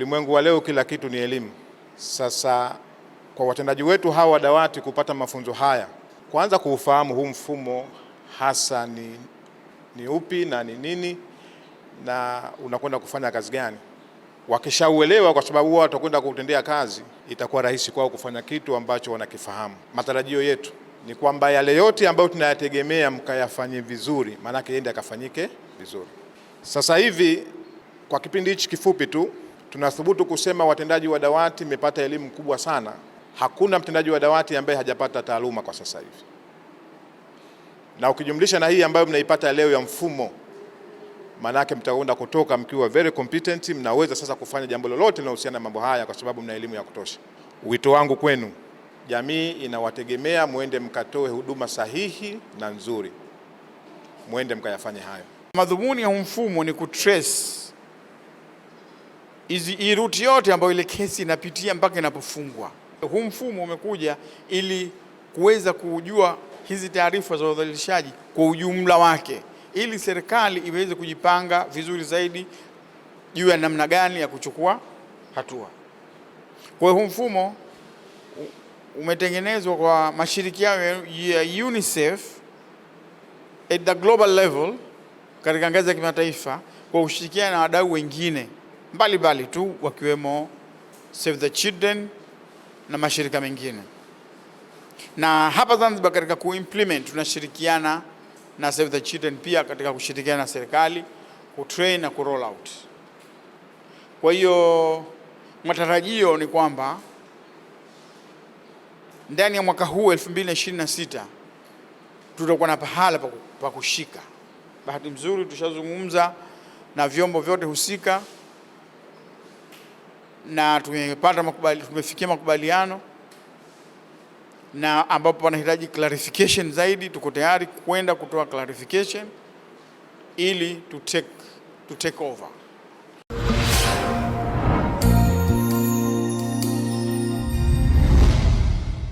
Ulimwengu wa leo kila kitu ni elimu. Sasa kwa watendaji wetu hawa dawati kupata mafunzo haya, kwanza kuufahamu huu mfumo hasa ni, ni upi na ni nini na unakwenda kufanya kazi gani. Wakishauelewa, kwa sababu huwa watakwenda kuutendea kazi, itakuwa rahisi kwao kufanya kitu ambacho wanakifahamu. Matarajio yetu ni kwamba yale yote ambayo tunayategemea mkayafanye vizuri, maanake yende akafanyike vizuri. Sasa hivi kwa kipindi hichi kifupi tu Tunathubutu kusema watendaji wa dawati mmepata elimu kubwa sana. Hakuna mtendaji wa dawati ambaye hajapata taaluma kwa sasa hivi, na ukijumlisha na hii ambayo mnaipata leo ya mfumo, maanake mtaenda kutoka mkiwa very competent, mnaweza sasa kufanya jambo lolote linalohusiana na mambo haya, kwa sababu mna elimu ya kutosha. Wito wangu kwenu, jamii inawategemea, mwende mkatoe huduma sahihi na nzuri, mwende mkayafanye hayo. Madhumuni ya mfumo ni kutrace hii ruti yote ambayo ile kesi inapitia mpaka inapofungwa. Huu mfumo umekuja ili kuweza kujua hizi taarifa za udhalilishaji kwa ujumla wake, ili serikali iweze kujipanga vizuri zaidi juu ya namna gani ya kuchukua hatua. Kwa hiyo huu mfumo umetengenezwa kwa mashirikiano ya UNICEF at the global level katika ngazi ya kimataifa kwa kushirikiana na wadau wengine mbalimbali tu wakiwemo Save the Children na mashirika mengine. Na hapa Zanzibar katika kuimplement tunashirikiana na Save the Children pia katika kushirikiana na serikali kutrain na kuroll out. Kwa hiyo matarajio ni kwamba ndani ya mwaka huu 2026 tutakuwa na pahala pa kushika. Bahati nzuri tushazungumza na vyombo vyote husika na tumepata makubali, tumefikia makubaliano na ambapo wanahitaji clarification zaidi, tuko tayari kwenda kutoa clarification ili to take, to take over.